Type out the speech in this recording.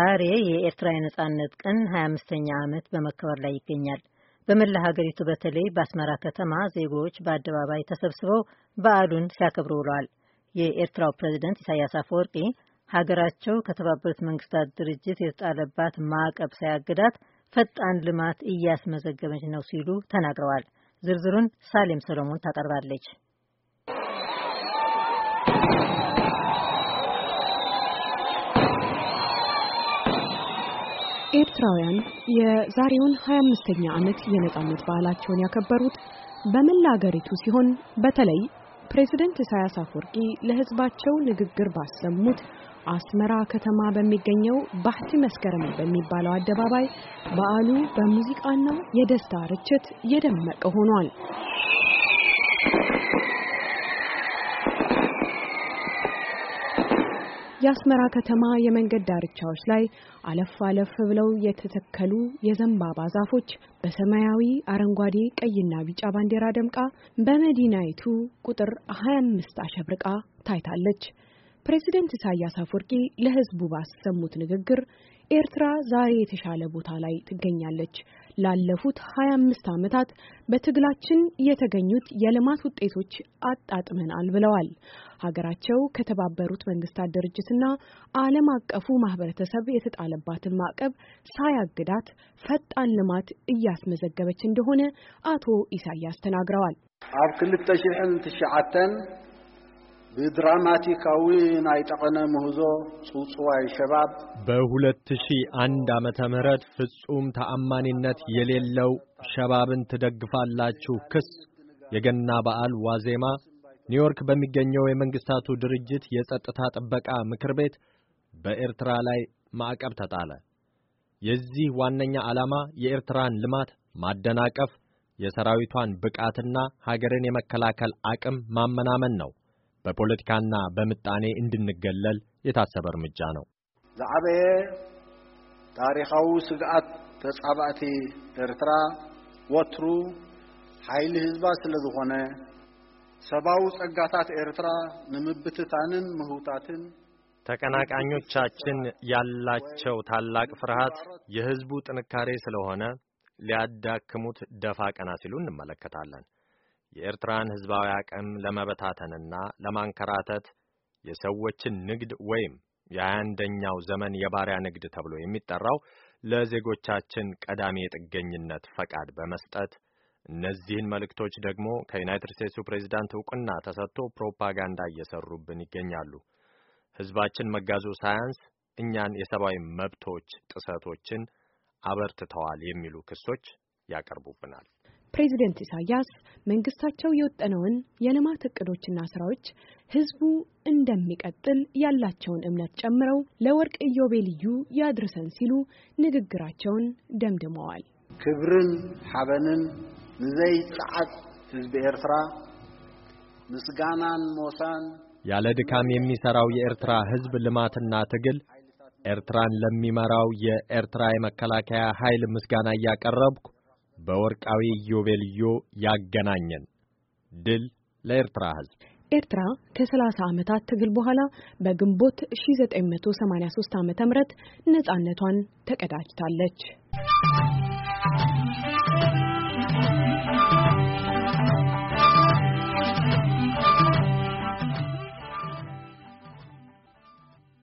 ዛሬ የኤርትራ የነጻነት ቀን 25ኛ ዓመት በመከበር ላይ ይገኛል። በመላ ሀገሪቱ በተለይ በአስመራ ከተማ ዜጎች በአደባባይ ተሰብስበው በዓሉን ሲያከብሩ ውለዋል። የኤርትራው ፕሬዝደንት ኢሳያስ አፈወርቂ ሀገራቸው ከተባበሩት መንግስታት ድርጅት የተጣለባት ማዕቀብ ሳያግዳት ፈጣን ልማት እያስመዘገበች ነው ሲሉ ተናግረዋል። ዝርዝሩን ሳሌም ሰሎሞን ታቀርባለች። ኤርትራውያን የዛሬውን 25ኛ ዓመት የነጻነት በዓላቸውን ያከበሩት በመላ አገሪቱ ሲሆን በተለይ ፕሬዝደንት ኢሳያስ አፈወርቂ ለሕዝባቸው ንግግር ባሰሙት አስመራ ከተማ በሚገኘው ባህቲ መስከረም በሚባለው አደባባይ በዓሉ በሙዚቃና የደስታ ርችት የደመቀ ሆኗል። የአስመራ ከተማ የመንገድ ዳርቻዎች ላይ አለፍ አለፍ ብለው የተተከሉ የዘንባባ ዛፎች በሰማያዊ፣ አረንጓዴ፣ ቀይና ቢጫ ባንዲራ ደምቃ በመዲናይቱ ቁጥር 25 አሸብርቃ ታይታለች። ፕሬዚደንት ኢሳያስ አፈወርቂ ለህዝቡ ባሰሙት ንግግር ኤርትራ ዛሬ የተሻለ ቦታ ላይ ትገኛለች። ላለፉት 25 ዓመታት በትግላችን የተገኙት የልማት ውጤቶች አጣጥመናል ብለዋል። ሀገራቸው ከተባበሩት መንግስታት ድርጅትና ዓለም አቀፉ ማህበረሰብ የተጣለባትን ማዕቀብ ሳያግዳት ፈጣን ልማት እያስመዘገበች እንደሆነ አቶ ኢሳያስ ተናግረዋል። ኣብ ብድራማቲካዊ ናይ ጠቐነ ምህዞ ጽውጽዋይ ሸባብ በ2001 ዓመተ ምህረት ፍጹም ተአማኒነት የሌለው ሸባብን ትደግፋላችሁ ክስ የገና በዓል ዋዜማ ኒውዮርክ በሚገኘው የመንግስታቱ ድርጅት የጸጥታ ጥበቃ ምክር ቤት በኤርትራ ላይ ማዕቀብ ተጣለ። የዚህ ዋነኛ ዓላማ የኤርትራን ልማት ማደናቀፍ፣ የሰራዊቷን ብቃትና ሀገርን የመከላከል አቅም ማመናመን ነው። በፖለቲካና በምጣኔ እንድንገለል የታሰበ እርምጃ ነው። ዝዓበየ ታሪካዊ ስግኣት ተጻባእቲ ኤርትራ ወትሩ ኃይል ህዝባ ስለ ዝኾነ ሰብአዊ ጸጋታት ኤርትራ ንምብትታንን ምህውታትን ተቀናቃኞቻችን ያላቸው ታላቅ ፍርሃት የህዝቡ ጥንካሬ ስለሆነ ሊያዳክሙት ደፋ ቀና ሲሉ እንመለከታለን። የኤርትራን ሕዝባዊ አቅም ለመበታተንና ለማንከራተት የሰዎችን ንግድ ወይም የአንደኛው ዘመን የባሪያ ንግድ ተብሎ የሚጠራው ለዜጎቻችን ቀዳሚ የጥገኝነት ፈቃድ በመስጠት እነዚህን መልእክቶች ደግሞ ከዩናይትድ ስቴትሱ ፕሬዚዳንት እውቅና ተሰጥቶ ፕሮፓጋንዳ እየሰሩብን ይገኛሉ። ሕዝባችን መጋዙ ሳያንስ እኛን የሰብአዊ መብቶች ጥሰቶችን አበርትተዋል የሚሉ ክሶች ያቀርቡብናል። ፕሬዚደንት ኢሳያስ መንግስታቸው የወጠነውን የልማት እቅዶችና ስራዎች ህዝቡ እንደሚቀጥል ያላቸውን እምነት ጨምረው ለወርቅ ኢዮቤልዩ ያድርሰን ሲሉ ንግግራቸውን ደምድመዋል። ክብርን ሓበንን ጸዓት ህዝቢ ኤርትራ ምስጋናን ሞሳን ያለ ድካም የሚሰራው የኤርትራ ህዝብ ልማትና ትግል ኤርትራን ለሚመራው የኤርትራ የመከላከያ ኃይል ምስጋና እያቀረብኩ በወርቃዊ ዮቤልዮ ያገናኘን ድል ለኤርትራ ሕዝብ። ኤርትራ ከ30 ዓመታት ትግል በኋላ በግንቦት 1983 ዓ.ም ነፃነቷን ተቀዳጅታለች።